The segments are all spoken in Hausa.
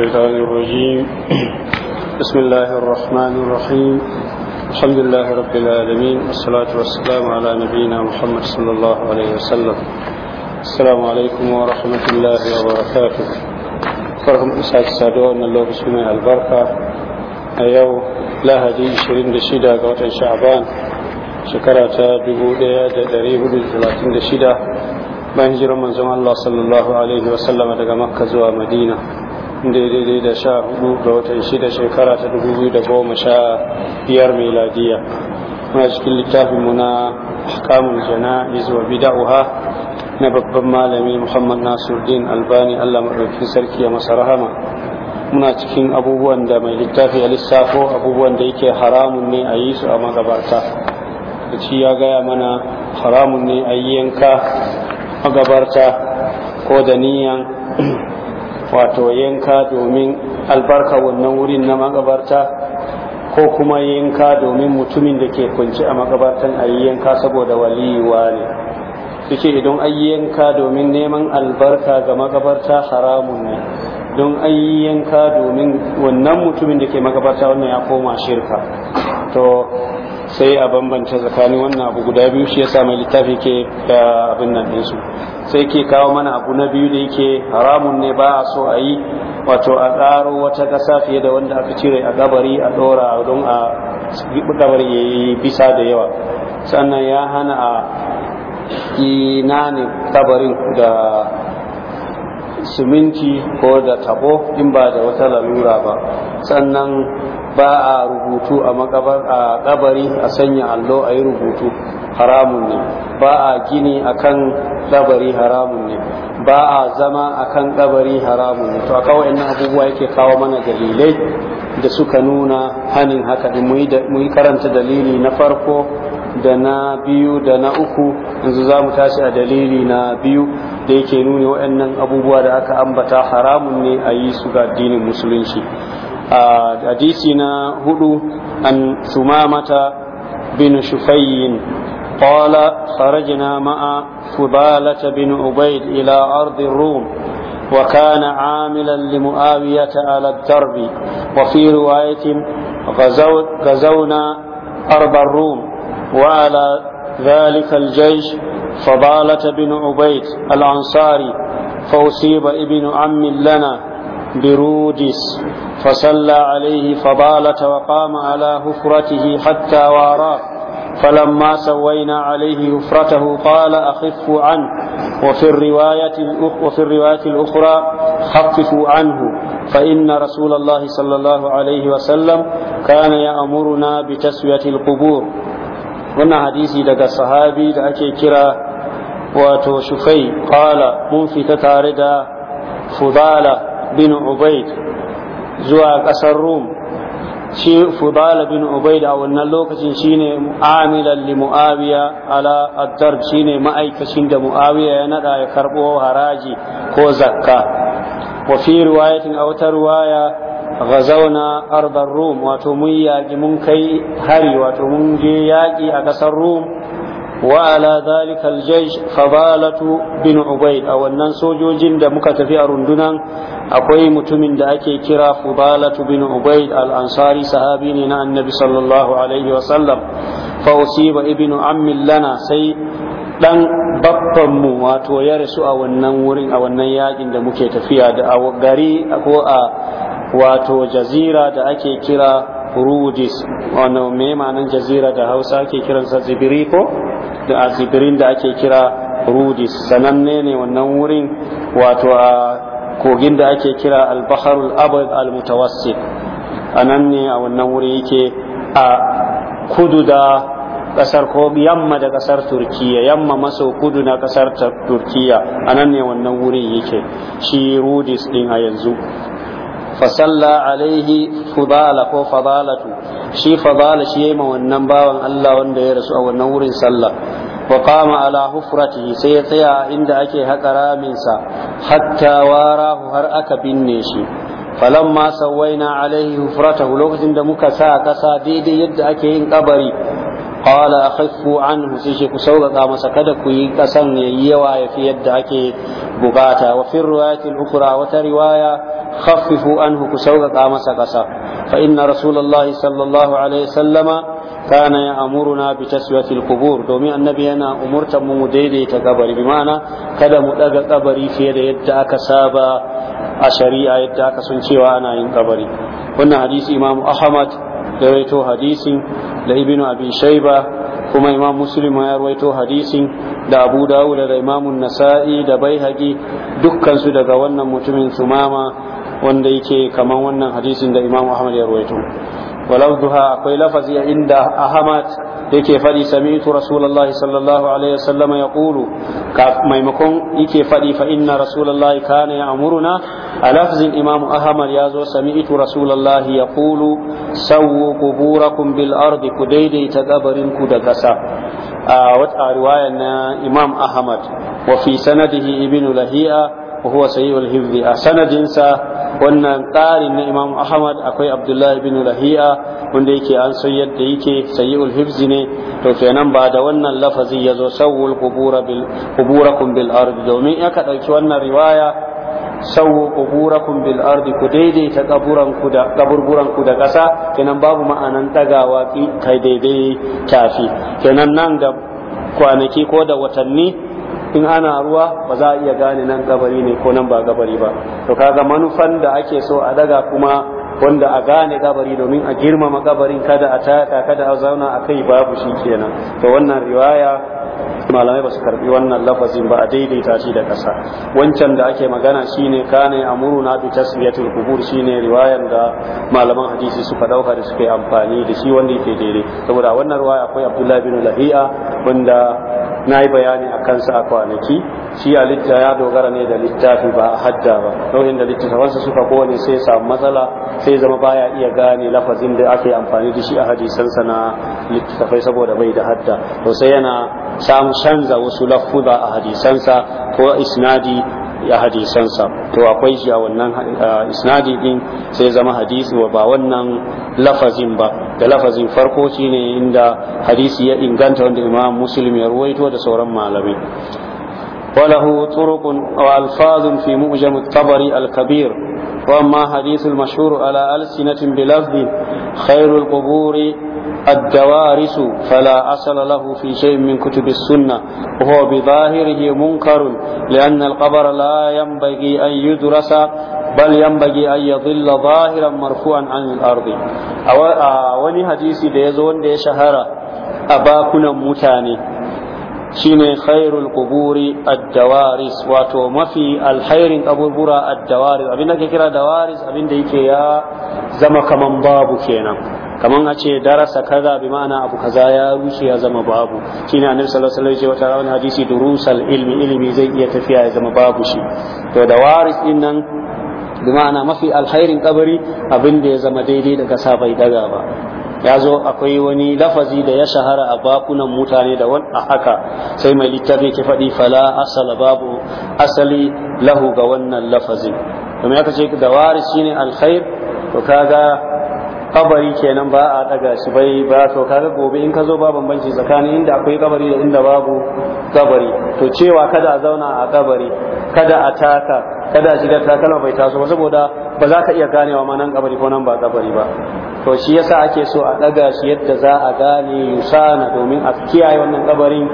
الشيطان الرجيم بسم الله الرحمن الرحيم الحمد لله رب العالمين والصلاة والسلام على نبينا محمد صلى الله عليه وسلم السلام عليكم ورحمة الله وبركاته فرهم إسعاد سادوا أن الله بسمه البركة أيو لا هدي شرين دشيدا قوة شعبان شكرة دبودة دريه دلتلاتين دشيدا bayan jiran manzon Allah sallallahu alaihi wasallama daga makka zuwa madina daidai da sha hudu ga watan shida shekara ta dubu biyu da goma sha biyar miladiya muna cikin littafin mu na ahkamul jana wa bida'uha na babban malami muhammad nasiruddin albani allah maɗauki sarki a masa rahama muna cikin abubuwan da mai littafi ya lissafo abubuwan da yake haramun ne a yi su a magabata da ci ya gaya mana haramun ne a yi yanka magabarta ko da niyan wato yanka domin albarka wannan wurin na magabarta ko kuma yanka domin mutumin da ke kunci a magabartan a yanka saboda waliyuwa ne suke idan an yanka domin neman albarka ga magabarta haramun ne don an yanka domin wannan mutumin da ke makabarta wannan ya koma shirka to sai a bambanta tsakanin wannan abu guda biyu shi yasa mai littafi ke da abin nan ɗinsu sai ke kawo mana abu na biyu da yake haramun ne ba a so a yi wato a tsaro wata ƙasa fiye da wanda aka cire a gabari a ɗora don a gabar ya yi bisa da yawa sannan ya hana a ne kabarin da siminti ko da tabo in ba da wata lalura ba sannan ba a rubutu a makabar a kabari a sanya allo a yi rubutu haramun ne ba a gini a kan kabari haramun ne ba a zama a kan kabari haramun ne to a kawai nan abubuwa yake kawo mana dalilai da suka nuna hanin haka da mu yi karanta dalili na farko da na biyu da na uku yanzu za mu tashi a dalili na biyu da yake nuni waɗannan abubuwa da aka ambata haramun ne a yi su ga addinin musulunci حديثنا هدو أن ثمامة بن شفي قال خرجنا مع فضالة بن عبيد إلى أرض الروم وكان عاملا لمؤاوية على الدرب وفي رواية غزو غزونا أرض الروم وعلى ذلك الجيش فضالة بن عبيد الأنصاري فأصيب ابن عم لنا برودس فصلى عليه فضالة وقام على هفرته حتى واراه فلما سوينا عليه هفرته قال أخف عنه وفي الرواية وفي الرواية الأخرى خففوا عنه فإن رسول الله صلى الله عليه وسلم كان يأمرنا بتسوية القبور هنا حديثي لدى صحابي لأكي كرا وتوشفي قال منفت تاردا فضالة bin Ubaid zuwa ƙasar Rum shi Fudala bin Ubaid a wannan lokacin shine amilan li Muawiya ala addar shine ma'aikacin da Muawiya ya naɗa ya karɓo haraji ko zakka wa fi riwayatin aw riwaya غزونا أرض mun واتو yaƙi mun kai hari wato mun je yaƙi a أقصى rum. وعلى ذلك الجيش فضالة بن عبيد أو أن سوجوجين دا مكتفي أرندنا أقوي متمن دا أكي كرا فضالة بن عبيد الأنصاري صحابين النبي صلى الله عليه وسلم فأصيب ابن عم لنا سي dan babbanmu wato ya rasu a wannan wurin a wannan yakin da muke tafiya da a gari ko a wato jazira da ake kira rudis wanda me jazira da hausa ake kiransa zibiri ko da a zibirin da ake kira rudis sananne ne wannan wurin wato a kogin da ake kira albaharul abad almutawassit a nan ne a wannan wuri yake a kudu da kasar ko yamma da kasar turkiya yamma maso kudu na kasar turkiya a nan ne wannan wurin yake shi rudis din a yanzu fasalla alaihi fudala ko fadalatu shi fadala shi ma wannan bawan Allah wanda ya rasu a wannan wurin sallah wa qama ala sai ya tsaya inda ake haƙa raminsa hatta warahu har aka binne shi falamma sawaina alaihi hufratahu lokacin da muka sa ƙasa daidai yadda ake yin ƙabari. qala akhaffu anhu sai shi ku sauƙaƙa masa kada ku yi ƙasan ya yi yawa ya fi yadda ake bukata wafin fi riwayati al-ukhra wata riwaya khaffifu anhu ku sauƙaƙa masa kasa fa inna rasulullahi sallallahu alaihi mu كان يأمرنا بتسوية القبور دومي النبي أنا أمرت ممديدي تقبري بمعنى كذا مدقى قبري في يد يدعك سابا أشريع يدعك سنشي وأنا ينقبري قلنا حديث إمام أحمد ya rawaito hadisin da ibnu abi shayba kuma imam muslim ya rawaito hadisin da abu dawud da imam nasa'i da baihaqi dukkan su daga wannan mutumin sumama wanda yake kaman wannan hadisin da imam ahmad ya rawaito duha akwai lafazi inda ahmad yake fadi sami'tu rasulullahi sallallahu alaihi wasallam yaqulu maimakon yake fadi fa inna rasulullahi kana ya'muruna a lafzin imam ahmad ya zo sami'tu rasulullahi yaqulu sawwu quburakum bil ardi ku daidaita kabarin ku da kasa a wata riwaya na imam ahmad wa fi sanadihi ibnu lahiya wa huwa a sanadinsa wannan tsarin na imam ahmad akwai abdullahi bin rahi'a wanda yake an san yadda yake sahihul hifzi ne to kenan ba da wannan lafazi ya zo sawul quburakum bil ard domin in ka dauki wannan riwaya sawu quburakum bil ard ku daidaita kaburan da ƙasa kenan babu ma'anan dagawa kai daidai kafi kenan nan da kwanaki ko da watanni in ana ruwa ba za a iya gane nan gabari ne ko nan ba gabari ba to kaga manufan da ake so a daga kuma wanda a gane gabari domin a girmama gabarin kada a taka kada a zauna a kai babu shi kenan to wannan riwaya malamai ba su karbi wannan lafazin ba a daidaita shi da ƙasa wancan da ake magana shine kane amuruna bi tasliyatil qubur shine riwayan da malaman hadisi suka dauka da suke amfani da shi wanda yake daidai saboda wannan riwaya akwai Abdullahi bin Lahiya wanda na yi bayani a kansa a kwanaki shi a litta ya dogara ne da littafi ba a hadda ba nau'in da littattafansa suka kowane sai samu matsala sai zama baya iya gane lafazin da ake amfani da shi a hadisansa na littattafai saboda bai da hadda to sai yana samu canza wasu lafuza a hadisansa ko isnadi ya hadisansa to akwai shi a wannan isnadi din sai zama hadisi wa ba wannan lafazin ba da lafazin farko shine inda hadisi ya inganta wanda imam muslim ya ruwaito da sauran malamai وله طرق وألفاظ في مؤجم الطبري الكبير وأما حديث المشهور على ألسنة بلفظ خير القبور الدوارس فلا أصل له في شيء من كتب السنة وهو بظاهره منكر لأن القبر لا ينبغي أن يدرس بل ينبغي أن يظل ظاهرا مرفوعا عن الأرض wani hadisi da ya zo wanda ya shahara a mutane shine khairul quburi wato mafi alkhairin kaburbura ad abinda yake ya zama babu kenan kaman a ce darasa kaza bi ma'ana abu kaza ya rushe ya zama babu shi ne annabi sallallahu alaihi wasallam ya ce hadisi durusal ilmi ilmi zai iya tafiya ya zama babu shi to da waris din nan bi ma'ana mafi alkhairin kabari abin da ya zama daidai daga sa bai daga ba ya zo akwai wani lafazi da ya shahara a bakunan mutane da wani a haka sai mai littafi ke faɗi fala asala babu asali lahu ga wannan lafazin domin ya ce da waris shine alkhair to kaga kabari kenan ba a daga shi bai ba to kaga gobe in ka zo ba bambanci tsakanin inda akwai kabari da inda babu kabari to cewa kada a zauna a kabari kada a taka kada a shiga takalma bai taso ba saboda ba za ka iya ganewa ma nan kabari ko nan ba kabari ba to shi yasa ake so a ɗaga shi yadda za a gane yusana domin a kiyaye wannan kabarin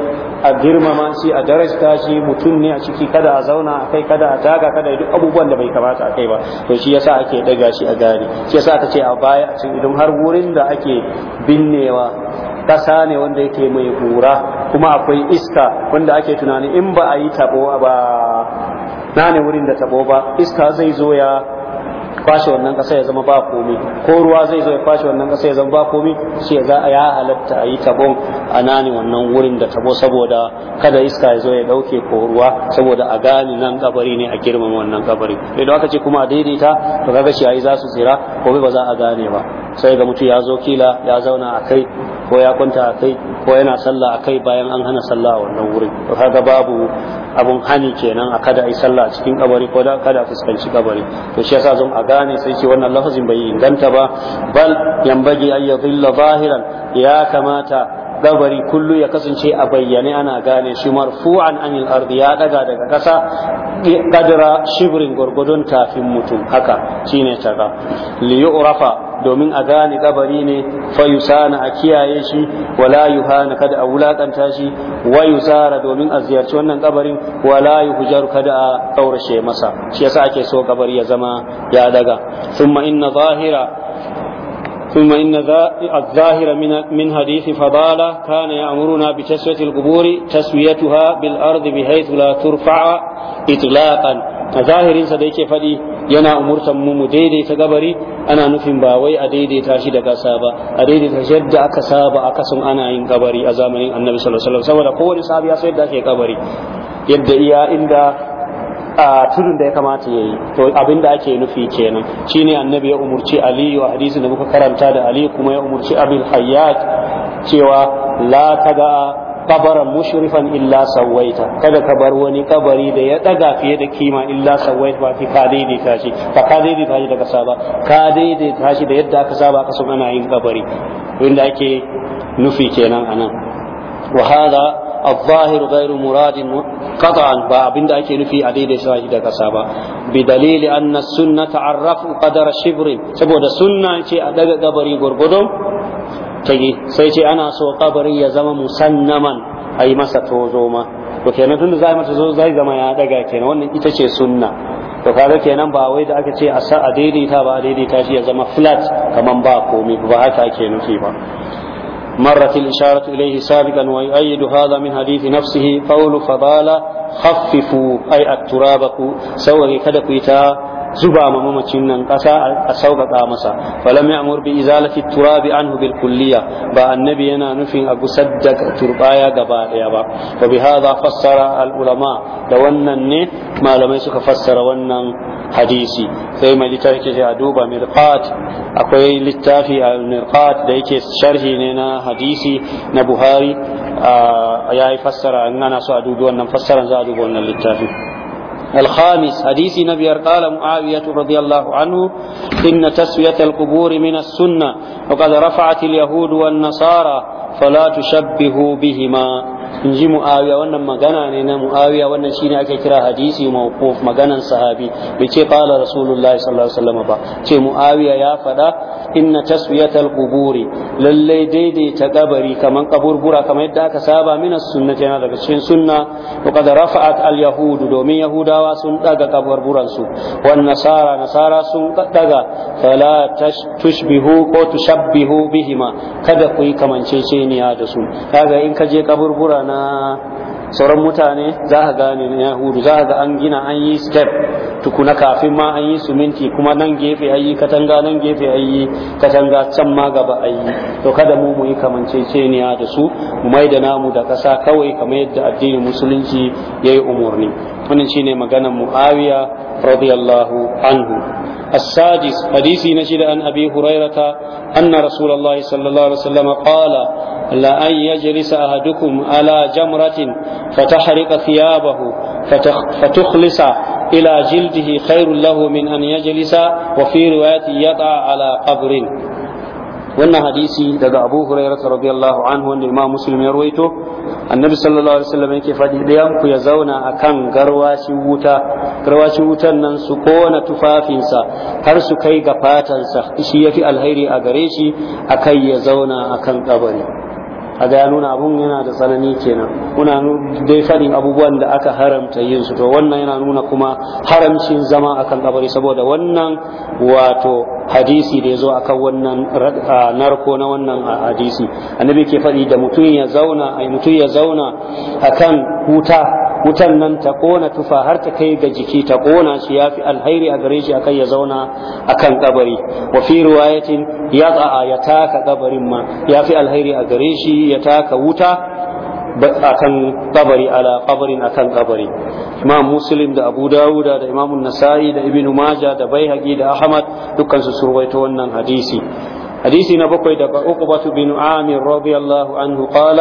a girmama shi a darasta shi mutum ne a ciki kada a zauna a kai kada a taga kada duk abubuwan da bai kamata a kai ba to shi yasa ake ɗaga shi a gane shi yasa ta ce a baya a cikin idan har wurin da ake binnewa ƙasa ne wanda yake mai ƙura kuma akwai iska wanda ake tunani in ba a yi tabo ba na ne wurin da tabo ba iska zai zo ya kwashe wannan ƙasa ya zama ba komi ko ruwa zai zo ya kwashe wannan ƙasa ya zama ba komi shi za a ya halatta a yi tabon a nani wannan wurin da tabo saboda kada iska ya zo ya ɗauke ko ruwa saboda a gane nan kabari ne a girmama wannan kabari da aka ce kuma a daidaita to kaga ciyayi za su tsira ko ba za a gane ba sai ga mutum ya zo kila ya zauna a kai ko ya kwanta a kai ko yana sallah a kai bayan an hana sallah a wannan wurin to kaga babu abun hani kenan a kada a sallah a cikin kabari ko kada a fuskanci kabari to shi yasa zan a gane sai ce wannan lafazin bai inganta ba bal yambagi an yadhilla zahiran ya kamata gabari kullu ya kasance a bayyane ana gane shi marfu'an anil ardi ya daga daga kasa kadira shibrin gurgudun tafin mutum haka shine taga li yu'rafa domin a gane kabari ne fa yusana a kiyaye shi wala yuhana kada a wulakanta shi wa yusara domin a ziyarci wannan kabarin wala yuhjar kada a kaurace masa shi yasa ake so kabari ya zama ya daga thumma inna zahira ثم إن الظاهر من حديث فضالة كان يأمرنا بتسوية القبور تسويتها بالأرض بحيث لا ترفع إطلاقا ظاهرين yake faɗi yana umurtan mu daidaita gabari ana nufin ba a daidaita shi da ƙasa ba a daidaita yadda aka saba aka sun ana yin kabari a zamanin annabi sallallahu alaihi wasallam saboda ya kabari yadda inda tudun da ya kamata ya yi to abin da ake nufi kenan shine annabi ya umarci aliyu a hadisin da muka karanta da aliyu kuma ya umarci abin hayyat cewa la taga kabaran mushrifan illa sawaita kada ka bar wani kabari da ya daga fiye da kima illa sawaita ba fi ka daidaita shi ba ka daidaita shi daga saba ka daidaita shi da yadda aka saba aka sun ana yin kabari wanda ake nufi kenan anan wa الظاهر غير مراد قطعا بابن دعك نفي عديد ساجد كسابا بدليل أن السنة تعرف قدر شبر سبود السنة أدق قبري قرقدم تجي سيتي أنا سو قبري يزم مسنما أي مسا توزوما وكينا تند زي ما تزوز زي زما يا دقا كينا وانا إتشي سنة to kaga kenan ba wai da aka ce a sa a daidaita ba a daidaita shi ya zama flat kaman ba komai ba haka ake nufi ba مرت الإشارة إليه سابقا ويؤيد هذا من حديث نفسه قول فضال خففوا أي التراب سوى كدكويتا zuba ma mamacin nan ƙasa a sauƙaƙa masa falam ya'mur bi izalati turabi anhu bil kulliya ba annabi yana nufin a gusar da turbaya gaba ɗaya ba wa bi hadha fassara al ulama da wannan ne malamai suka fassara wannan hadisi sai mai littafi ke a duba mirqat akwai littafi a mirqat da yake sharhi ne na hadisi na buhari ya yi fassara in ana so a dubi wannan fassaran za a duba wannan littafin الخامس حديث نبي قال معاوية رضي الله عنه إن تسوية القبور من السنة وقد رفعت اليهود والنصارى فلا تشبهوا بهما in ji mu'awiya wannan magana ne na mu'awiya wannan shine ake kira hadisi mawquf maganan sahabi bai ce qala rasulullahi sallallahu alaihi wasallam ba ce mu'awiya ya faɗa inna taswiyatal quburi lallai daidaita kabari kaman kaburbura kamar yadda aka saba min sunnati yana daga cikin sunna wa qad rafa'at al yahud domin yahudawa sun daga kaburburan su wan nasara nasara sun daga fala tushbihu ko tushabbihu bihima kada ku yi kamanceceniya da su kaga in ka je kaburbura na sauran mutane za ka gane na yahudu za a ga an gina an yi step tukuna kafin ma an yi suminti kuma nan gefe ayi katanga nan gefe ayi katanga can ma gaba ayi to kada mu mu yi kamanceceniya da su mu mai da namu da ƙasa kawai kamar yadda addinin musulunci ya yi umarni wannan shine maganar muawiya radiyallahu anhu السادس حديثي نجد عن أبي هريرة أن رسول الله صلى الله عليه وسلم قال لأن يجلس أحدكم على جمرة فتحرق ثيابه فتخلص إلى جلده خير له من أن يجلس وفي رواية يضع على قبر wannan hadisi daga Abu Hurairah radiyallahu anhu wanda Imam Muslim ya ruwaito Annabi sallallahu alaihi wasallam yake fadi dayan ku ya zauna akan garwashi wuta garwashi wutan nan su kona tufafinsa har su kai ga fatansa shi yafi alheri a gare shi akai ya zauna akan kabari kaga ya nuna abun yana da tsanani kenan muna dai fadin abubuwan da aka haramta yin su to wannan yana nuna kuma haramcin zama akan kabari saboda wannan wato hadisi da ya zo akan wannan narko na wannan hadisi annabi ke fadi da mutum ya zauna mutum ya zauna akan huta wutan nan ta kona tufa har ta kai ga jiki ta kona shi ya fi alhairi a gare shi akan ya zauna kan kabari wa fi riwayatin ya tsa'a ya taka kabarin ma ya fi alhairi a gare shi ya taka wuta akan kabari ala kabarin akan kabari imam muslim da abu dawuda da imam nasa'i da ibn majah da baihaqi da ahmad dukkan su surwaito wannan hadisi حديث نبقي دب عقبة بن عامر رضي الله عنه قال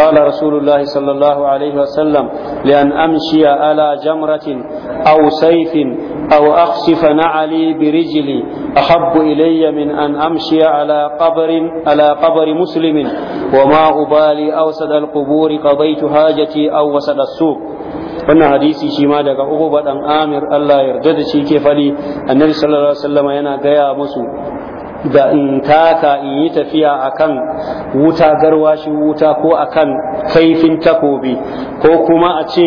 قال رسول الله صلى الله عليه وسلم لأن أمشي على جمرة أو سيف أو أخسف نعلي برجلي أحب إلي من أن أمشي على قبر على قبر مسلم وما أبالي أوسد القبور قضيت حاجتي أو وسد السوق wannan hadisi shi ma daga Uqba dan Amir Allah yarda da shi ke fali annabi sallallahu alaihi wasallam yana gaya musu da in taka in yi tafiya a kan wuta garwashi wuta ko a kan kaifin takobi ko kuma a ce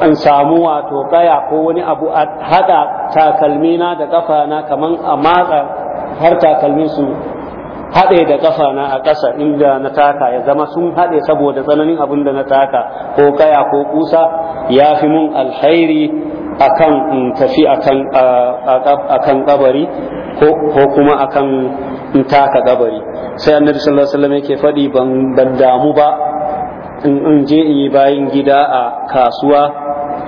an samu wato kaya ko wani abu a haɗa takalmina da kafana kamar a matsa har takalmin su haɗe da ƙafana a ƙasa inda na taka ya zama sun haɗe saboda tsananin abin da na taka ko kaya ko ƙusa ya fi mun alhairi akan in mm, tafi akan akan kabari ko kuma akan in taka kabari sai annabi sallallahu alaihi wasallam yake faɗi ban damu ba in je in yi bayan gida a kasuwa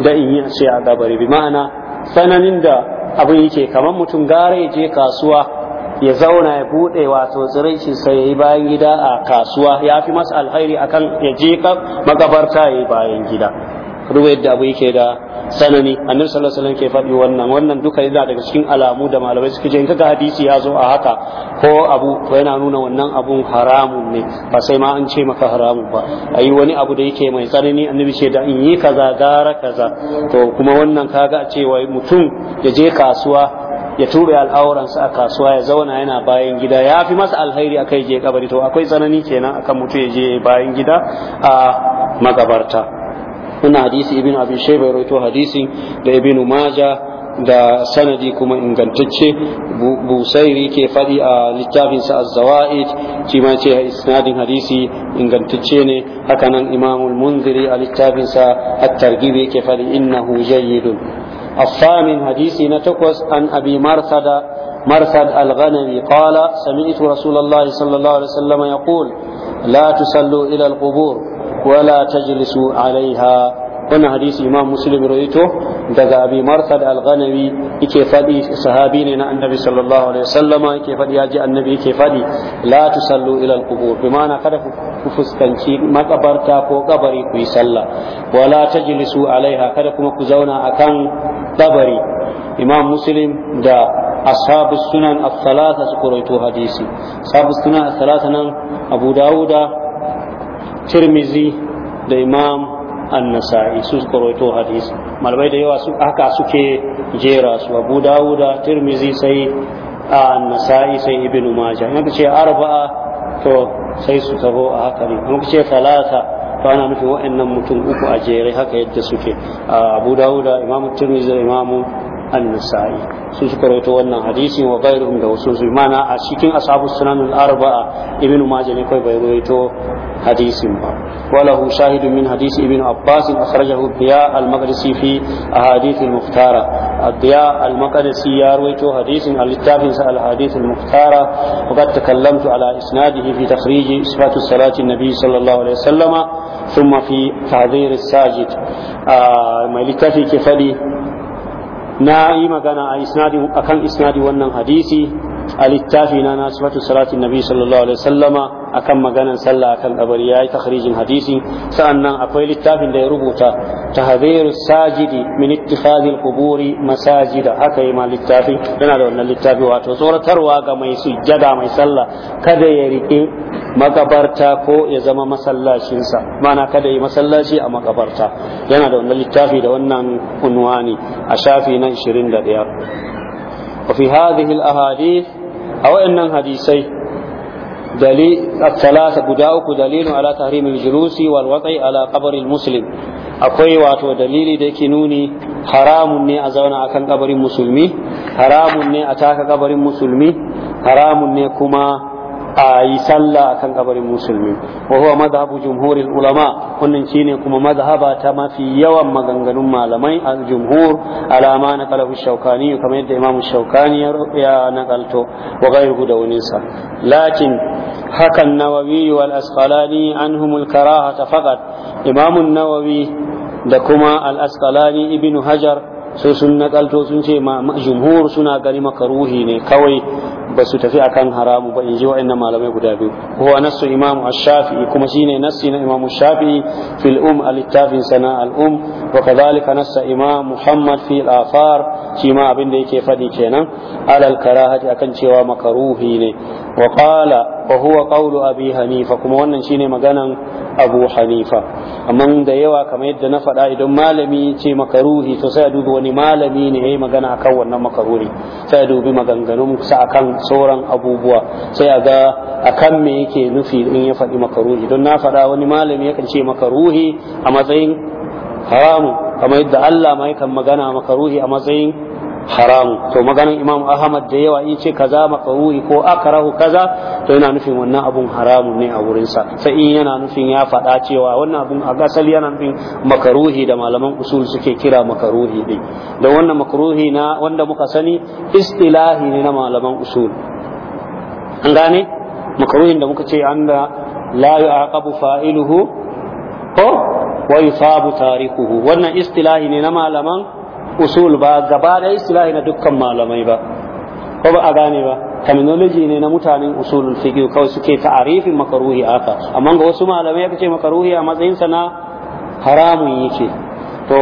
da in yi sai a kabari bi ma'ana tsananin da abin yake kamar mutum gara ya je kasuwa ya zauna ya buɗe wato shi sai ya yi bayan gida a kasuwa ya fi masa alkhairi akan ya je makabarta ya yi bayan gida ruwayar yadda abu yake da sanani annabi sallallahu alaihi wasallam ke faɗi wannan wannan duka yana daga cikin alamu da malamai suke ce in kaga hadisi ya zo a haka ko abu to yana nuna wannan abun haramun ne ba sai ma an ce maka haramun ba ayi wani abu da yake mai tsanani annabi ce da in yi kaza gara kaza to kuma wannan kaga a cewa mutum ya je kasuwa ya ture al'auransa a kasuwa ya zauna yana bayan gida ya fi masa alheri akai je kabari to akwai tsanani kenan akan mutu ya je bayan gida a magabarta wannan hadisi ibn abi shayba ya rawaito hadisi da ibin maja da sanadi kuma ingantacce busairi ke faɗi a littafinsa az-zawaid shi ma ce isnadin hadisi ingantacce ne haka nan imamul munziri a littafinsa at-targhib yake faɗi innahu jayyidun الثامن حديث نتقوس عن أبي مرثد مرثد الغنمي قال سمعت رسول الله صلى الله عليه وسلم يقول لا تصلوا إلى القبور ولا تجلسوا عليها wannan hadisi imam muslim rawaito daga abi marsad al-ghanawi yake fadi sahabi ne na annabi sallallahu alaihi wasallama yake fadi yaji annabi yake fadi la tusallu ila al-qubur bi ma'ana kada ku fuskanci makabarta ko kabari ku yi sallah wala tajlisu alaiha kada kuma ku zauna akan kabari imam muslim da أصحاب السنن الثلاثة سكرتوا حديثي أصحاب السنن الثلاثة abu dauda. tirmizi da imam annasa'i su koroito hadisi malamai da yawa haka suke jera su abu dawuda tirmizi sai annasa'i sai ibnu majah in ce arba'a to sai su taho a haka ne in ce talata to ana nufin wa'annan mutum uku a jere haka yadda suke abu dawuda imam tirmizi da imam an sun suka rawaito wannan hadisi wa ghairuhum da wasu su mana a cikin ashabu sunan al-arba'a ibnu majah ne kai bai rawaito hadisin ba walahu shahidun min hadisi ibnu abbas akhrajahu biya al-maqdisi fi ahadith al-muhtara الضياء a يروي حديث الكتاب الحديث المختارة وقد تكلمت على إسناده في تخريج صفات الصلاة النبي صلى الله عليه وسلم ثم في تحذير الساجد آه ما ke كفلي na yi magana a kan isnadi wannan hadisi a littafi na na sifatu salatin nabi sallallahu alaihi wasallama akan maganan sallah akan kabari yayi takhrijin hadisi sa'annan akwai littafin da ya rubuta tahdhiru sajidi min ittikhadhi alquburi masajida haka yi ma littafin yana da wannan littafi wato tsoratarwa ga mai sujjada mai sallah kada ya rike makabarta ko ya zama masallacinsa mana kada yi masallaci a makabarta yana da wannan littafi da wannan unwani a shafi na 21 وفي هذه الأحاديث أو أن hadisai. talata guda uku دليل ala تحريم الجلوس والوضع على قبر المسلم akwai wato dalili da yake nuni haramun ne a zauna a kan kabarin musulmi haramun ne a taka ƙabarin musulmi haramun ne kuma a yi sallah akan kabarin musulmi wa huwa madhhabu jumhuril ulama wannan shine kuma madhhaba ta mafi yawan maganganun malamai al jumhur ala ma naqalahu shaukani kamar yadda imamu shaukani ya nakalto wa ghayruhu da sa. lakin haka nawawi wal asqalani anhum al karahata faqat imamu nawawi da kuma al asqalani ibnu hajar sai sun nakalto sun ce ma jumhur suna gani makaruhi ne kawai ba su tafi akan haramu ba in ji wa'annan malamai guda biyu huwa nasu imam shafii kuma shine nassi na imam shafii fil um al sana al-um wa kadhalika nassa imam muhammad fi al shi ma abin da yake faɗi kenan alal karahati akan cewa makaruhi ne wa qala wa huwa qawlu abi hanifa kuma wannan shine maganan abu hanifa amma da yawa kamar yadda na faɗa idan malami ce makaruhi to sai a wani malami ne yi magana akan wannan makaruri sai ya dubi maganganun sa akan sauran abubuwa sai ya ga akan me yake nufi in ya faɗi makaruhi don na faɗa wani malami yakan ce makaruhi a matsayin haramu kamar yadda Allah ma yakan magana makaruhi a matsayin haramu to maganin imam ahmad da yawa in ce kaza makawuri ko akarahu kaza to yana nufin wannan abun haramun ne a wurinsa sai in yana nufin ya faɗa cewa wannan abun a gasali yana nufin makaruhi da malaman usul suke kira makaruhi din da wannan makaruhi na wanda muka sani istilahi ne na malaman usul an gane makaruhin da muka ce an da la yu'aqabu fa'iluhu ko wa yusabu tarikuhu wannan istilahi ne na malaman usul ba gaba da islahi na dukkan malamai ba ko ba a gane ba terminology ne na mutanen usulul fiqh kawai suke ta'arifin makaruhi aka amma ga wasu malamai aka ce makaruhi a matsayin sa na haramun yake to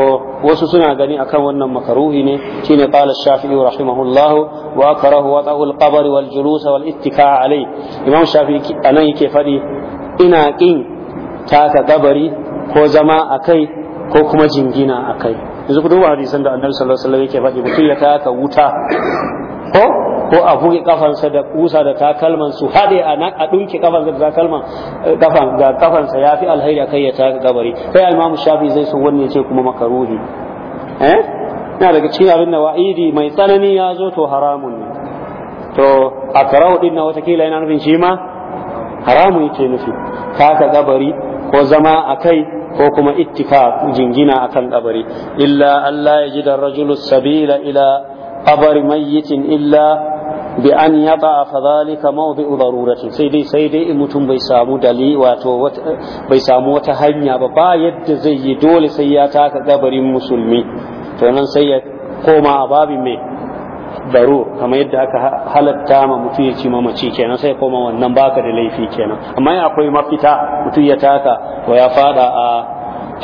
wasu suna gani akan wannan makaruhi ne shine qala shafi'i rahimahullah wa karahu wa ta'ul qabr wal julus wal ittika alai imam shafi'i anan yake fadi ina kin taka kabari ko zama akai ko kuma jingina akai yanzu ku duba hadisan da annabi sallallahu alaihi yake faɗi mutum ya taka wuta ko a buge kafansa da kusa da takalman su hade a nan a ɗunke kafansa da takalman eh, kafan ga kafansa yafi alhairi kai ya taka gabari sai imamu shafi zai so wannan ce kuma makaruhi eh na daga cikin abin da wa'idi mai tsanani ya zo to haramun ne to a karau din na watakila yana nufin shi ma haramun yake nufi taka gabari ko zama a kai ko kuma ittika jingina akan kabari illa Allah ya ji da rajulu sabila ila qabari mayyitin illa bi an yaba fa zalika mawdi'u darurati sai dai sai dai mutum bai samu dali wato bai samu wata hanya ba ba yadda zai yi dole sai ya taka kabarin musulmi to nan sai ya koma a babin mai darur kamar yadda aka halatta ma mutum ya ci mamaci kenan sai koma wannan baka da laifi kenan amma akwai mafita mutum ya taka ko ya fada a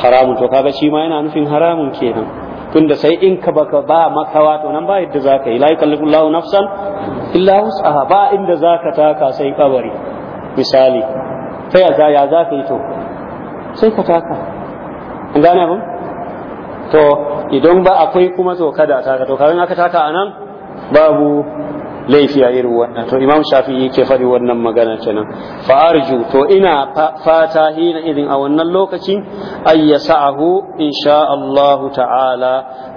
haramun to kaga shi ma yana nufin haramun kenan tunda sai in ka baka ba makawa to nan ba yadda zaka yi la yukallifullahu nafsan illa wus'aha ba inda zaka taka sai kabari misali sai ya ya zaka yi to sai ka taka an gane abin to idan ba akwai kuma to kada taka to kawai aka taka anan babu laifi a irin wannan to imam shafi'i yake faɗi wannan magana kenan fa arju to ina fata hina idin a wannan lokaci ay yasa'ahu insha Allah ta'ala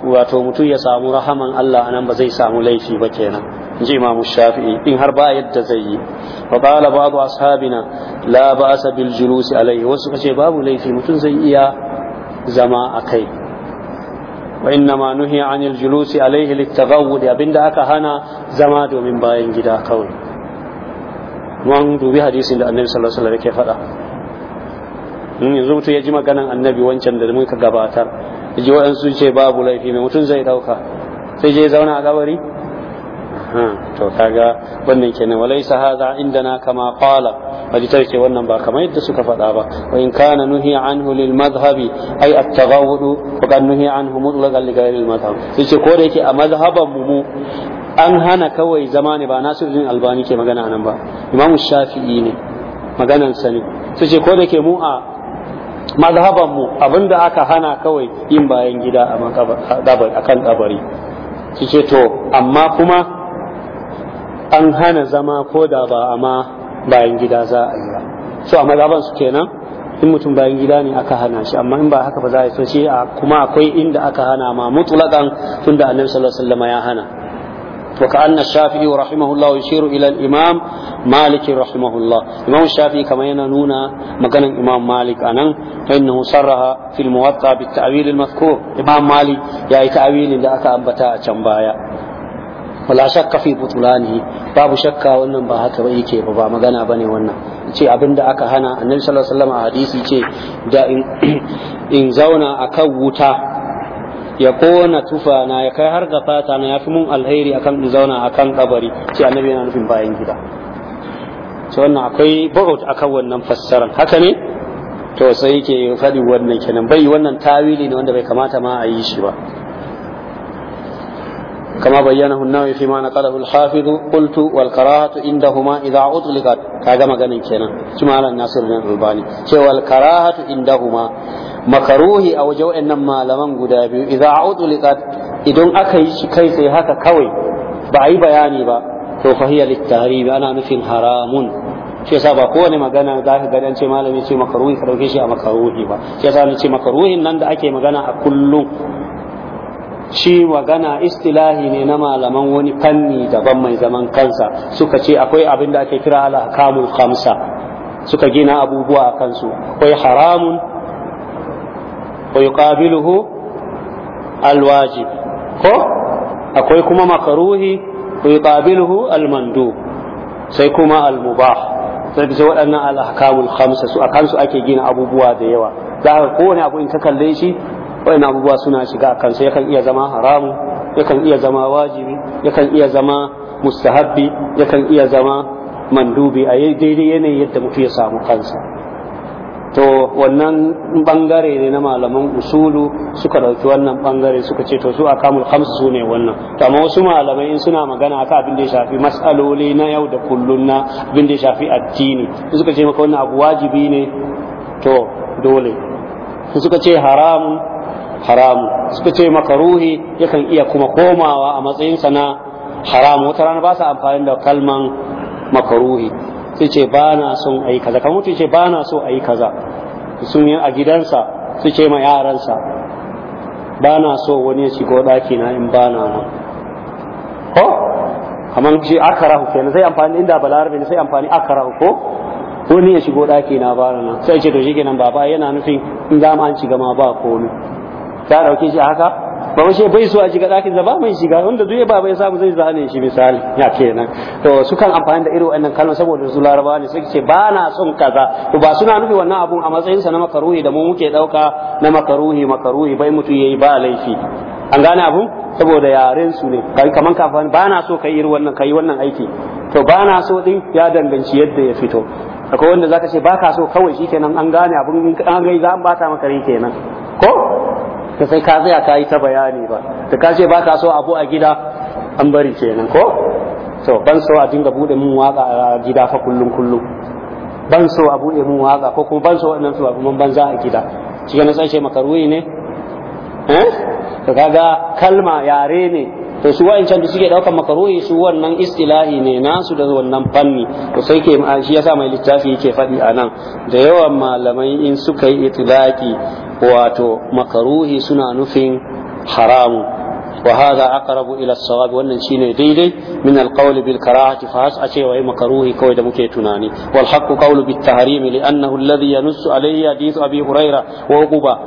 wato mutum ya samu rahaman Allah anan ba zai samu laifi ba kenan inji imam shafi in har ba yadda zai yi fa qala ba'du ashabina la ba'asa bil julusi alaihi wasu kace babu laifi mutum zai iya zama akai وإنما نهي عن الجلوس عليه للتغود أبن دعك هنا زماد من باين جدا كوي وان dubi حديث عند النبي صلى الله عليه وسلم كيف yanzu ya ji maganan annabi wancan da muka gabatar ji waɗansu ce babu laifi mai mutum zai ɗauka sai zai zauna a Hmm. to kaga wannan kenan walaysa hadha indana kama qala bari tarke wannan ba kamar yadda suka faɗa ba wa in kana nuhi anhu lil madhhabi ay at taghawud wa kan nuhi anhu mutlaqan li ghayri al madhhab sai ce ko da yake a madhhaban mu an hana kawai zama ne ba nasiruddin albani ke magana nan ba imamu shafi'i ne maganan sa ne sai ce ko da yake mu a madhhaban mu abinda aka hana kawai yin bayan gida a kan kabari sai ce to amma kuma an hana zama ko da ba a bayan gida za a yi ba so a mazaban su kenan in mutum bayan gida ne aka hana shi amma in ba haka ba za a yi sai a kuma akwai inda aka hana ma mutulakan tunda annabi sallallahu alaihi wasallam ya hana wa ka anna shafi'i wa rahimahullah yushiru ila al imam malik rahimahullah imam shafi'i kamar yana nuna maganan imam malik anan fa innahu sarraha fil muwatta bit ta'wil al mazkur imam malik ya yi ta'wilin da aka ambata a can baya wala shakka fi butulani babu shakka wannan ba haka ba yake ba ba magana bane wannan ce abinda aka hana annabi sallallahu alaihi wasallam a hadisi ce da in zauna akan wuta ya kona tufa na ya kai har ga fata na yafi mun alheri akan in zauna akan kabari ce annabi yana nufin bayan gida to wannan akwai bugut akan wannan fassaran haka ne to sai yake faɗi wannan kenan bai wannan tawili ne wanda bai kamata ma a yi shi ba كما بينه النووي فيما نقله الحافظ قلت والكراهة عندهما إذا أطلقت كذا ما قال كنا كما على الناصر الألباني شو الكراهة عندهما مكروه أو جو إنما لمن قدابي إذا أطلقت إذن أكي كيسي هكا كوي بعي بياني با فهي للتهريب أنا نفي حرام shi yasa ba kowane magana za ka gani an ce malami ce makaruhi ka dauke shi a makaruhi ba shi yasa ni ce makaruhin nan da ake magana a kullum shi magana istilahi ne na malaman wani fanni daban mai zaman kansa suka ce akwai abin da ake kira alhakamul khamsa suka gina abubuwa a kansu akwai haramun wa yuqabiluhu alwajib ko akwai kuma makaruhi wa yuqabiluhu almandu sai kuma almubah sai bisa waɗannan alhakamul khamsa su a kansu ake gina abubuwa da yawa za ka kowane abu in ka kalle shi wani abubuwa suna shiga a kansa yakan iya zama haramu yakan iya zama wajibi yakan iya zama mustahabbi yakan iya zama mandubi a daidai yanayin yadda mutum ya samu kansa to wannan bangare ne na malaman usulu suka dauki wannan bangare suka ce to su a kamul hamsu su ne wannan to amma wasu malamai in suna magana aka abin da ya shafi mas'aloli na yau da kullun na abin da ya shafi addini suka ce maka wannan abu wajibi ne to dole suka ce haramun haramu suka ce maka ruhi yakan iya kuma komawa a matsayinsa na haramu wata rana ba sa amfani da kalman maka ruhi sai ce ba na son a yi kaza kamar ce ba na so a yi kaza sun yi a gidansa su ce ma yaransa ba na so wani ya shigo ɗaki na in ba na nan ko kamar shi akarahu kenan sai amfani inda balarabe ne sai amfani akarahu ko wani ya shigo ɗaki na ba na nan sai ce to shi kenan ba yana nufin in za mu an shiga ma ba komai ka dauke shi haka ba wace bai so a shiga ɗakin da ba mai shiga wanda duk ba bai samu zai zane shi misali ya kenan to su kan amfani da irin wannan kalmar saboda su larabawa ne suke ce ba na son kaza to ba suna nufi wannan abun a matsayin sa na makaruhi da mu muke dauka na makaruhi makaruhi bai mutu yayi ba laifi an gane abun saboda yaren su ne kai kaman kafan ba na so kai irin wannan kai wannan aiki to ba na so din ya danganci yadda ya fito akwai wanda zaka ce baka so kawai shikenan an gane abun an ga za an bata maka rike kenan ta sai ka tsaya ka yi ta bayani ba ta ka ce ba ka so abu a gida an bari kenan ko to ban so a dinga bude mun waka a gida fa kullum kullum ban so a bude mun waka ko kuma ban so wannan su abu ban za a gida shi ne sai ce ne eh to kaga kalma yare ne to su wa'ancan da suke daukan makaruhi su wannan istilahi ne nasu da wannan fanni to sai ke shi yasa mai littafi yake faɗi a nan da yawan malamai in suka yi itilaki wato makaruhi suna nufin haramu. وهذا أقرب إلى الصواب وأن شيني ديدي من القول بالكراهة فهس أشي وهي مكروه كويد مكيتناني والحق قول بالتحريم لأنه الذي ينص عليه حديث أبي هريرة وعقبة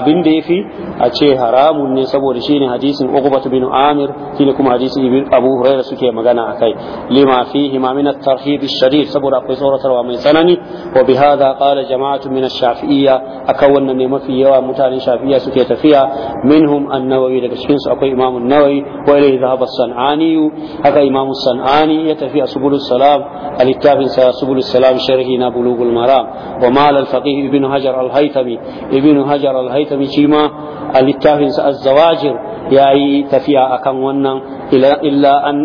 بن ديفي أشي حرام نسبو لشيني حديث عقبة بن عامر كينكم حديث أبو هريرة سكي مغانا أكي لما فيهما من الترهيب الشديد سبو لأقوي صورة ومن سنني وبهذا قال جماعة من الشافعية أكون نمفي ومتان شافعية سكي تفيا منهم النووي لكشكين سأقوي إمام النووي وإليه ذهب الصنعاني هكا إمام الصنعاني يتفي سبل السلام الاتاب سبل السلام شرهنا بلوغ المرام ومال الفقيه ابن هجر الهيثمي ابن هجر الهيثمي شيما الاتاب الزواجر yayi tafiya akan wannan illa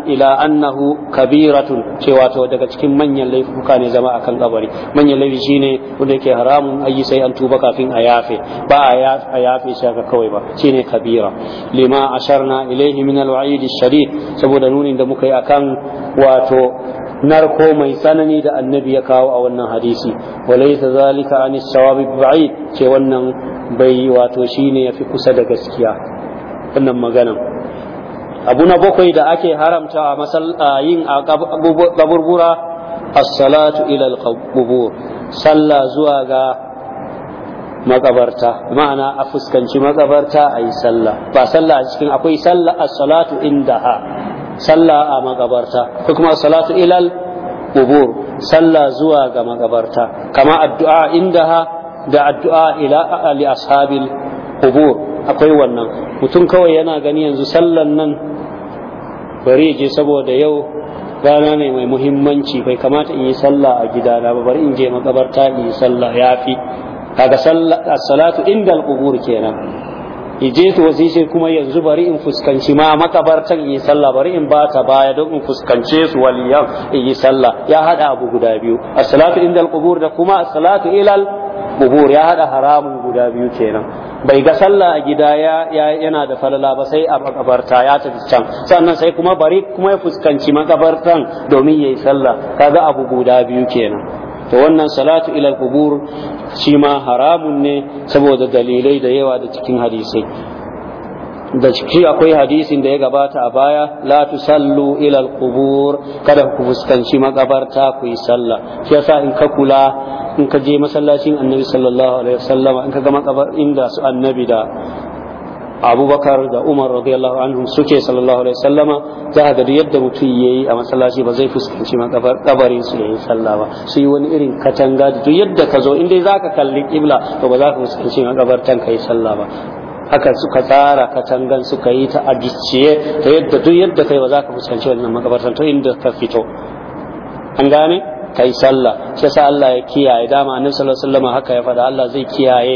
ila annahu kabiratun cewa to daga cikin manyan laifuka ne zama akan kabari manyan laifi ne wanda yake haramun ayi sai an tuba kafin a yafe ba a yafe shi haka kawai ba shine kabira lima asharna ilaihi min alwa'id shadid saboda nunin da muka yi akan wato narko mai tsanani da annabi ya kawo a wannan hadisi ta zalika an sawabi ba'id ce wannan bai wato shine yafi kusa da gaskiya wannan maganan abu na bakwai da ake haramta a yin a kaburbura as-salatu ila al-qubur sallah zuwa ga makabarta ma'ana a fuskanci makabarta a yi sallah ba sallah a cikin akwai sallah as-salatu inda ha sallah a makabarta ko kuma as-salatu ilal qubur sallah zuwa ga makabarta kama addu'a inda ha da addu'a ila li ashabil qubur akwai wannan mutum kawai yana gani yanzu sallan nan bari je saboda yau rana ne mai muhimmanci bai kamata in yi sallah a gida ba bari in je makabarta in yi sallah yafi kaga salatu inda al-qubur kenan ije to sai sai kuma yanzu bari in fuskanci ma makabartan in yi sallah bari in bata baya don in fuskance su waliyan in yi sallah ya hada abu guda biyu as-salatu inda al-qubur da kuma as-salatu ila al-qubur ya hada haramun guda biyu kenan bai ga sallah a gida ya yana da falala ba sai a makabarta ya tafi can sannan sai kuma bari kuma ya fuskanci makabartan domin yayi sallah kaga abu guda biyu kenan to wannan salatu ilal kubur shi ma haramun ne saboda dalilai da yawa da cikin hadisai da ciki akwai hadisin da ya gabata a baya la tusallu ila alqubur kada ku fuskanci makabarta ku yi sallah shi yasa in ka kula in ka je masallacin annabi sallallahu alaihi wasallam in ka ga makabar inda su annabi da abubakar da umar radiyallahu anhum suke sallallahu alaihi wasallama za ga yadda mutum yayi a masallaci ba zai fuskanci makabar kabarin su da yin sallah ba su yi wani irin katanga da yadda ka zo in dai zaka kalli kibla to ba za ka fuskanci makabartan kai sallah ba haka suka tsara katangan suka yi ta a gicciye ta yadda duk yadda kai ba za ka fuskanci wannan makabartan to inda ka fito an gane kai sallah shi yasa Allah ya kiyaye dama annabi sallallahu alaihi wasallam haka ya faɗa Allah zai kiyaye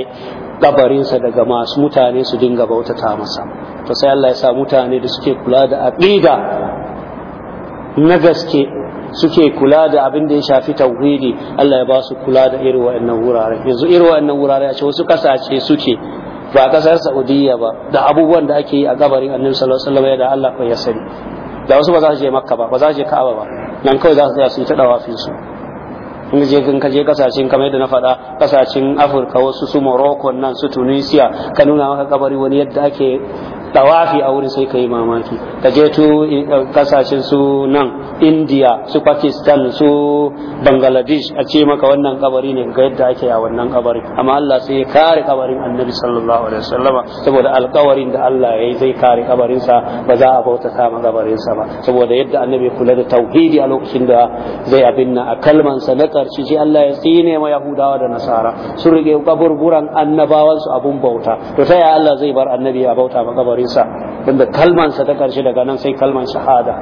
kabarinsa daga masu mutane su dinga bautata masa to sai Allah ya sa mutane da suke kula da aqida na gaske suke kula da abin da ya shafi tauhidi Allah ya ba su kula da irin wa'annan wurare yanzu irin wa'annan wurare a ce wasu kasashe suke ba a kasar saudiya ba da abubuwan da ake yi a gabarin annabi sallallahu alaihi wasallam da Allah ko ya sani da wasu ba za su je makka ba ba za su je ka'aba ba nan kawai za su tsaya su yi ta dawafin su in je ka kasashen kamar yadda na faɗa kasashen Afirka wasu su Morocco nan su Tunisia ka nuna maka kabari wani yadda ake tawafi a wurin sai ka mamaki ka je tu eh, kasashen su nan India su Pakistan su Bangladesh a ce maka wannan kabari ne ga yadda ake a wannan kabari amma Allah sai ya kare kabarin Annabi sallallahu alaihi wasallama saboda alkawarin da Allah ya yi zai kare kabarinsa ba za a bauta kama kabarinsa ba saboda yadda Annabi kula da tauhidi a lokacin da zai abin nan a kalmansa na karshe sai Allah ya tsine ma Yahudawa da Nasara sun rike kaburburan annabawansu abun bauta to sai ya Allah zai bar annabi ya bauta inda kalman sa ta karshe daga nan sai kalman shahada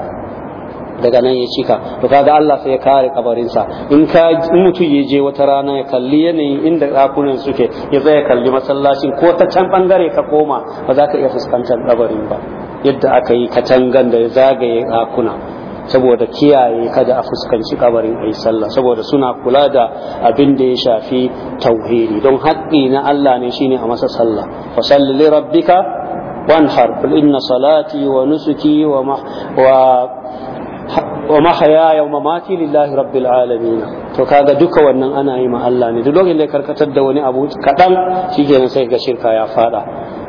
daga nan ya cika to kaga Allah sai ya kare kabarinsa in ka mutu ya je wata rana ya kalli yanayin inda dakunan suke ya zai kalli masallacin ko ta can bangare ka koma ba za ka iya fuskantar kabarin ba yadda aka yi katangan da ya zagaye dakuna saboda kiyaye kada a fuskanci kabarin ayi sallah saboda suna kula da abin da ya shafi tauhidi don haƙƙi na Allah ne shine a masa sallah fa salli li rabbika wanhar qul inna salati wa nusuki wa wa mahaya wa mamati lillahi rabbil alamin to kaga duka wannan ana yi ma Allah ne duk lokacin da karkatar da wani abu kadan shikenan sai ga shirka ya fada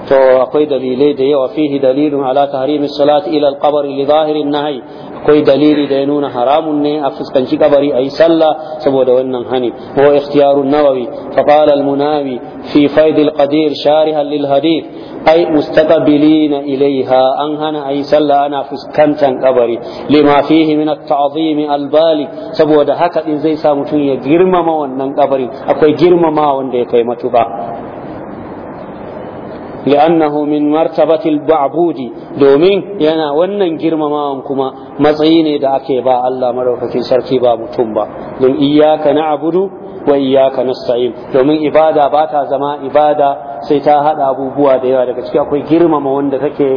to akwai dalilai da yawa fihi dalilun ala tahrimi salati ila al-qabr li zahirin nahi akwai dalili da ya nuna haramun ne a fuskanci kabari ayi sallah saboda wannan hani wa ikhtiyarun nawawi fa qala al-munawi fi faid al-qadir sharihan lil hadith ay mustaqbilina ilaiha an hana ayi sallah ana fuskantan kabari lima fihi min at-ta'zim al saboda haka din zai sa mutum ya girmama wannan kabari akwai girmama wanda ya kai matuba li'annahu min martabatil ba'budi domin yana wannan girmamawan kuma matsayi ne da ake ba Allah madaukakin sarki ba mutum ba don na na'budu wa iyaka na nasta'in domin ibada ba ta zama ibada sai ta hada abubuwa da yawa daga ciki akwai girmama wanda kake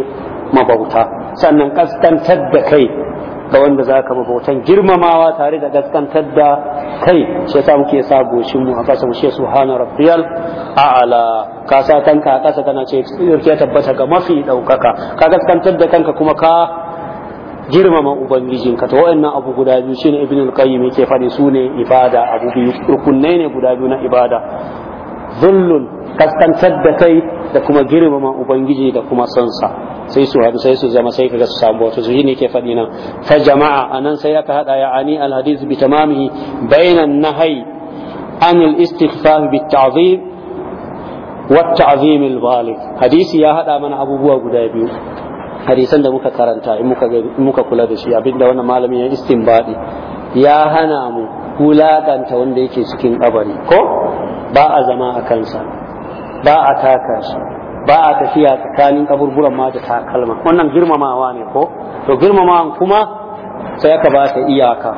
mabauta sannan kaskantar da kai ga wanda za ka bautan girmamawa tare da gaskantar da kai shi yasa muke sa goshin mu a ƙasa mu shi subhana rabbiyal a'ala ka sa kanka a ƙasa kana ce ya tabbata ga mafi ɗaukaka ka gaskantar da kanka kuma ka girmama ubangijinka to wa'annan abu guda biyu shine ibn qayyim yake fadi sune ibada abu biyu rukunai ne guda biyu na ibada zullun kaskantar da kai da kuma girmama ubangiji da kuma sansa sai su hadu sai su zama sai kaga su samu wato su ne ke faɗi nan fa jama'a anan sai aka hada ya ani al hadith bi tamamihi bainan nahai an al istighfar bi ta'zim wa ta'zim al baligh hadisi ya hada mana abubuwa guda biyu hadisan da muka karanta in muka muka kula da shi abinda wannan malamin ya istinbadi ya hana mu wulakanta wanda yake cikin kabari ko ba a zama a kansa ba a taka shi ba a tafiya tsakanin kaburburan ma da takalma wannan girmamawa ne ko to girmamawan kuma sai aka ba ta iyaka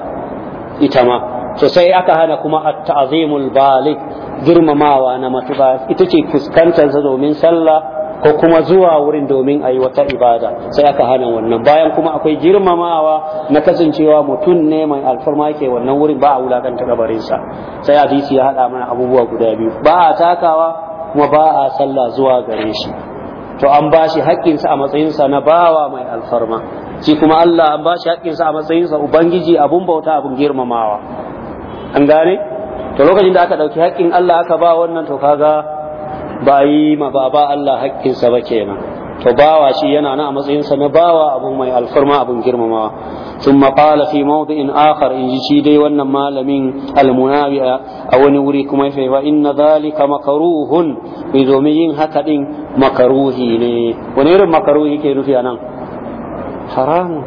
ita ma to sai aka hana kuma at-ta'zimul balik girmamawa na matuba ita ce fuskantar sa domin sallah ko kuma zuwa wurin domin a yi wata ibada sai aka hana wannan bayan kuma akwai girmamawa na kasancewa mutum ne mai alfarma ke wannan wurin ba a wulakanta kabarinsa sai hadisi ya haɗa mana abubuwa guda biyu ba a takawa kuma ba a sallah zuwa gare shi to an ba shi haƙƙinsa a matsayinsa na bawa mai alfarma shi kuma Allah an ba shi haƙƙinsa a matsayinsa ubangiji abun bauta abun girmamawa an gane to lokacin da aka ɗauki haƙƙin Allah aka ba wannan to kaga ba yi ma ba ba Allah haƙƙinsa ba kenan to bawa shi yana na a matsayinsa na bawa abu mai alfarma abun girmamawa sun maƙala fi mawdu'in akhar in ji shi dai wannan malamin almunawi a wani wuri kuma ya fa inna zalika makaruhun bai domin yin haka din makaruhi ne wani irin makaruhi ke nufi a nan haramu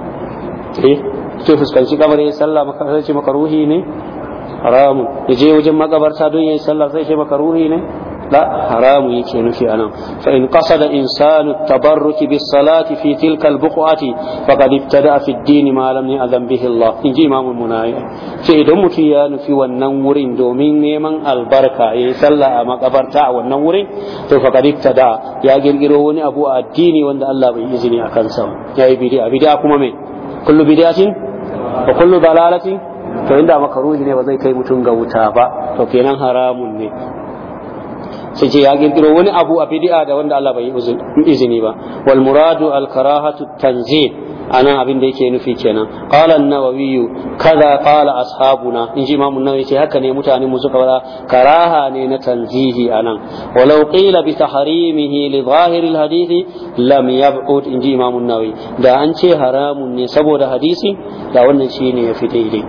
eh ke fuskanci kabarin sallah makaruhi ne haramu ya je wajen makabarta don yayi sallah sai ce makaruhi ne faɗa haramu yake nufi anan fa in insanu tabarruki bis salati fi tilka al buqati fi ma lam ya'zam Allah in ji munayi ce idan mutum ya nufi wannan wurin domin neman albarka yayi sallah a makabarta a wannan wurin to faqad da ya girgiro wani abu a addini wanda Allah bai izini a kansa yi bid'a bid'a kuma me kullu bid'atin wa kullu dalalatin to inda makaruhi ne ba zai kai mutum ga wuta ba to kenan haramun ne sai ce ya kirkiro wani abu a bidi'a da wanda Allah bai izini ba wal muradu al karahatu anan abin da yake nufi kenan qala an-nawawi kaza qala ashabuna in ji imamu nawawi ce haka ne mutane mu suka fara karaha ne na tanzihi anan walau qila bi tahrimihi li zahir al-hadith lam yab'ud in ji imamu nawawi da an ce haramun ne saboda hadisi da wannan shine ya fi daidai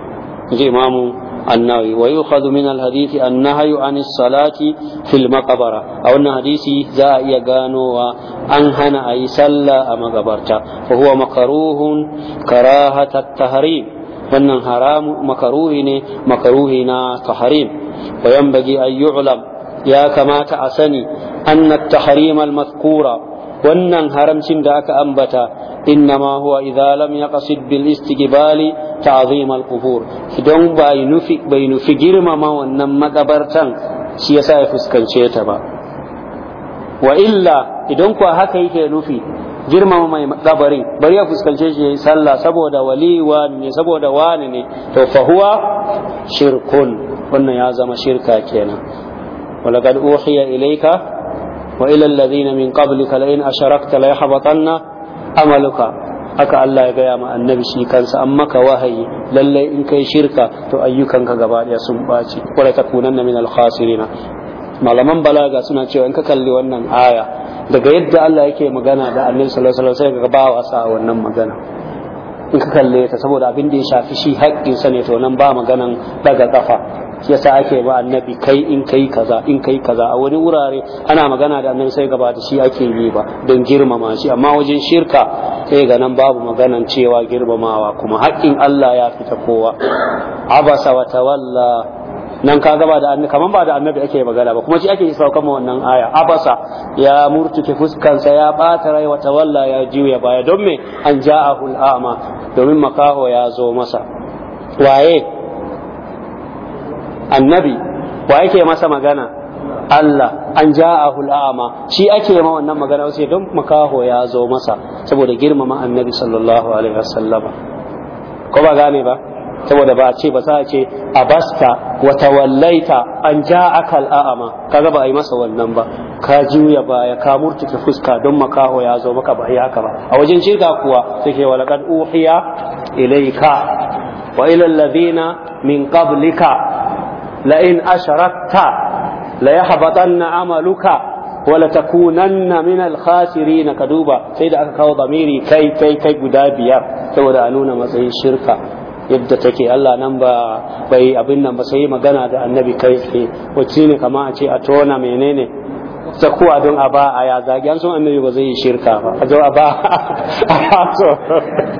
in ji imamu النووي ويؤخذ من الحديث النهي عن الصلاة في المقبرة أو أن حديث ذا يغانو وأنهن أي صلى مقبرتا وهو مكروه كراهة التحريم أن الحرام مكروه مكروهنا تحريم وينبغي أن يعلم يا كما تعسني أن التحريم المذكور wannan haramcin da aka ambata innama huwa idza lam yaqsid bil istiqbali ta'zim al qubur idan bai nufi bai nufi girmama wannan makabartan shi yasa ya fuskance ta ba wa illa idan kuwa haka yake nufi girmama mai kabarin bari ya fuskance shi yayi sallah saboda wali ne saboda wani ne to fa huwa shirkun wannan ya zama shirka kenan ولقد أوحي إليك وإلى الذين من قبلك لئن أشركت ليحبطن عملك haka Allah ya gaya ma annabi shi kansa an maka wahayi lallai in ka yi shirka to ayyukanka gaba ɗaya sun baci wala takunanna min al-khasirin malaman balaga suna cewa in ka kalli wannan aya daga yadda Allah yake magana da annabi sallallahu alaihi wasallam sai ka ba wasa wannan magana in ka kalle ta saboda abin da ya shafi shi haƙƙin sa ne to ba maganan daga kafa shi yasa ake ba annabi kai in kai kaza in kai kaza a wani wurare ana magana da annabi sai gaba da shi ake yi ba don girmama shi amma wajen shirka sai ga nan babu maganan cewa girmamawa kuma haƙƙin Allah ya fita kowa abasa wa tawalla nan ka gaba da annabi kaman ba da annabi ake magana ba kuma shi ake sauka ma wannan aya abasa ya murtuke fuskansa ya bata rai wa tawalla ya juya baya don me an ja'ahul a'ma domin makaho ya zo masa waye annabi wa yake masa magana Allah an ja'ahu al'ama shi ake ma wannan magana sai don makaho ya zo masa saboda girmama annabi sallallahu alaihi wasallama ko ba gane ba saboda ba a ce ba za a ce a basta wata wallaita an ja'aka al'ama kaga ba a yi masa wannan ba ka juya baya ka murtuke fuska don makaho ya zo maka ba haka ba a wajen shirka kuwa suke walaqad uhiya ilaika wa ila alladhina min qablika la'in asharakta la na amaluka wa la takunanna min al-khasirin ka sai da aka kawo zamiri kai kai kai guda biyar saboda a nuna matsayin shirka yadda take Allah nan ba bai abin nan ba sai magana da annabi kai tsaye wacce ne kama a ce a tona menene sakuwa don a ba a ya zagi an sun annabi ba zai yi shirka ba a zo a ba a ba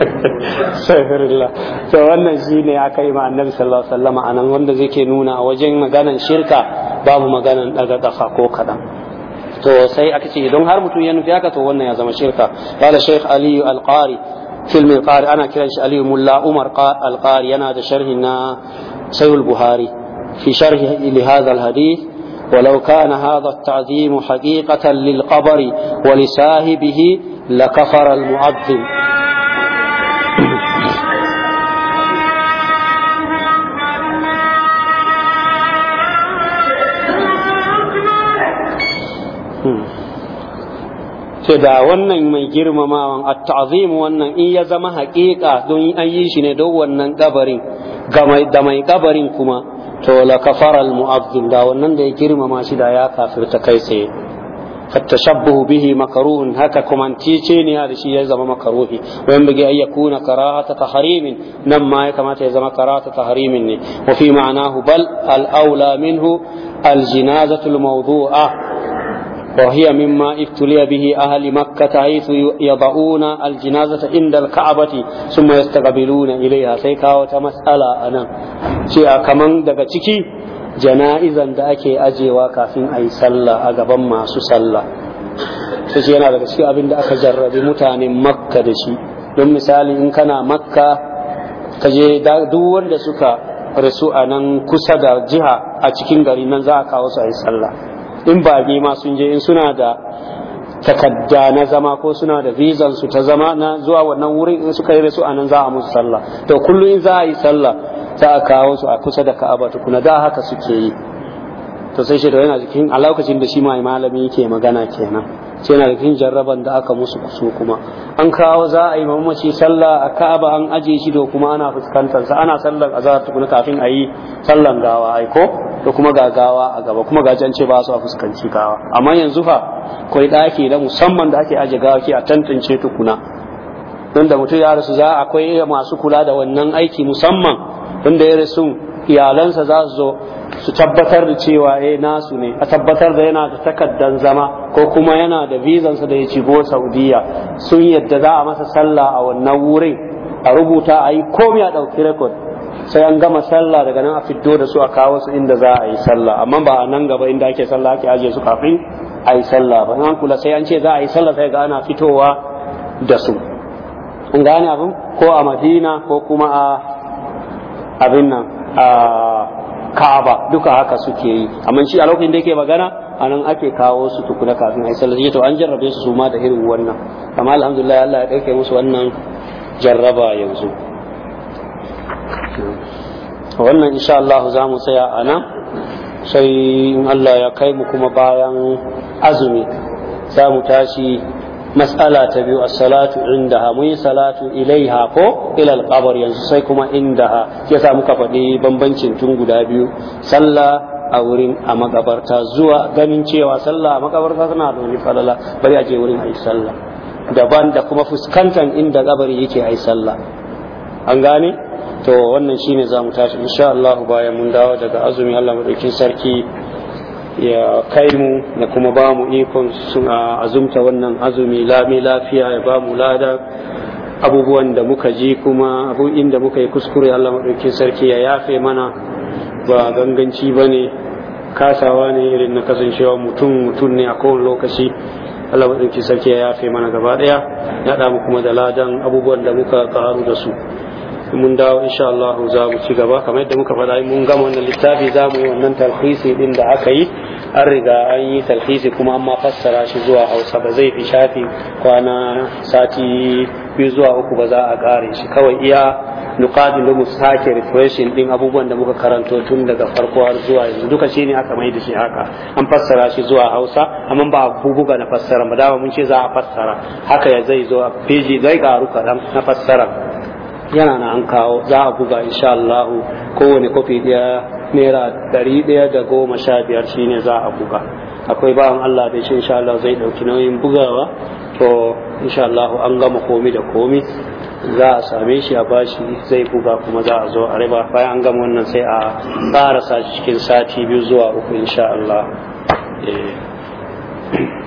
sahirullah to wannan ne aka yi ma annabi sallallahu alaihi wasallam anan wanda zai ke nuna a wajen maganan shirka babu maganan daga kafa ko kadan to sai aka ce idan har mutum ya nufi haka to wannan ya zama shirka qala shaykh ali al-qari ana kiran shi Aliyu mulla umar al yana da sharhi na Sayul buhari fi sharhi li hadha ولو كان هذا التعظيم حقيقة للقبر ولساهبه لكفر المعظم ce da wannan mai girmamawan at-ta'zim wannan in ya zama haƙiƙa don an yi shi ne don wannan kabarin da mai kabarin kuma to la kafara al mu'azzin da wannan da ya girmama shida ya kafin ta kai sai fattashabbu bihi makruhun haka kuma tice ne da shi ya zama makruhi wa yambi ay yakuna karahata tahrimin nan ma ya kamata ya zama karahata tahrimin ne wa fi ma'anahu bal al aula minhu al jinazatu al mawdu'a ma bihi ahali Makka وهي مما ابتلي به أهل مكة حيث يضعون الجنازة عند الكعبة ثم يستقبلون إليها سيكا وتمسألة أنا شيء كمان دقا تشكي جنائزا دأكي أجي وكافين أي سلة أقبا ما سسلة sai yana daga cikin abin da aka jarrabi mutanen makka da shi don misali in kana makka kaje je duk wanda suka rasu a nan kusa da jiha a cikin gari nan za a kawo su ayi sallah in baƙi ma sun je in suna da takadda na zama ko suna da visa su ta zama na zuwa wannan wurin in suka yi su a nan za a musu sallah to kullum in za a yi sallah za a kawo su a kusa da ka'aba tukuna da haka suke yi to sai shi da yana jikin a lokacin da shi mai malami yake magana kenan sai na cikin jarraban da aka musu su kuma an kawo za a yi mamaci sallah a ka'aba an aje shi da kuma ana fuskantar sa ana sallar azhar tukuna kafin a yi sallan gawa ai ko da kuma ga gawa a gaba kuma gajan ce ba su a fuskanci gawa amma yanzu fa kai daki da musamman da ake aje gawa ke a tantance tukuna don da mutum ya rasu za akwai masu kula da wannan aiki musamman don da ya rasu iyalansa za su zo su tabbatar da cewa eh nasu ne a tabbatar da yana da takaddan zama ko kuma yana da vizansa da ya ci shigo saudiya sun yadda za a masa sallah a wannan wurin a rubuta a yi komai a ɗauki rekod sai an gama sallah daga nan a fiddo da su a kawo su inda za a yi sallah amma ba a nan gaba inda ake sallah ake ajiye su kafin a yi sallah ba an kula sai an ce za a yi sallah sai ga ana fitowa da su an gane abin ko a madina ko kuma a abin nan Kaaba duka haka suke yi amma shi a lokacin da yake magana anan ake kawo su tukuna kafin ai sallah to an jarrabe su ma da irin wannan amma alhamdulillah Allah ya dauke musu wannan jarraba yanzu wannan insha Allah za mu tsaya a sai in Allah ya kai mu kuma bayan azumi za mu tashi Matsala ta biyu a salatu indaha mun yi salatu ilaiha ko ilal kabar yanzu sai kuma indaha yasa muka faɗi bambancin tun guda biyu sallah a wurin a makabarta zuwa ganin cewa sallah a makabarta tana da wani falala bari a wurin a yi sallah daban da kuma fuskantar inda kabari yake a yi sallah an gane to wannan shine za mu tashi insha Allah bayan mun dawo daga azumi Allah madaukin sarki ya kai mu da kuma ba mu ikon suna azumta wannan azumi lami lafiya ya ba mu lada abubuwan da muka ji kuma abu inda muka yi kuskure Allah maɗauki sarki ya yafe mana ba ganganci ba ne kasawa ne irin na kasancewa mutum mutum ne a kowane lokaci Allah maɗauki sarki ya yafe mana gaba ɗaya ya mu kuma da ladan abubuwan da muka ƙaru da su mun dawo insha Allah za mu ci gaba kamar yadda muka faɗa mun gama wannan littafi za mu yi wannan talhisi din da aka yi an riga an yi talhisi kuma an ma fassara shi zuwa Hausa ba zai fi shafi kwana sati biyu zuwa uku ba za a ƙare shi kawai iya nuqadin da mu sake refreshing din abubuwan da muka karanto tun daga farko har zuwa yanzu duka shine aka mai da shi haka an fassara shi zuwa Hausa amma ba bubuga na fassara ba dama mun ce za a fassara haka ya zai zo a peji zai karu kadan na fassara yana na an kawo za a buga insha Allah kowane kofi daya naira ɗari ɗaya da goma sha biyar shine za a buga akwai bawan Allah da shi insha Allah zai ɗauki nauyin bugawa to insha Allah an gama komi da komi za a same shi a bashi zai buga kuma za a zo a riba bayan an gama wannan sai a fara sa cikin sati biyu zuwa uku insha Allah eh.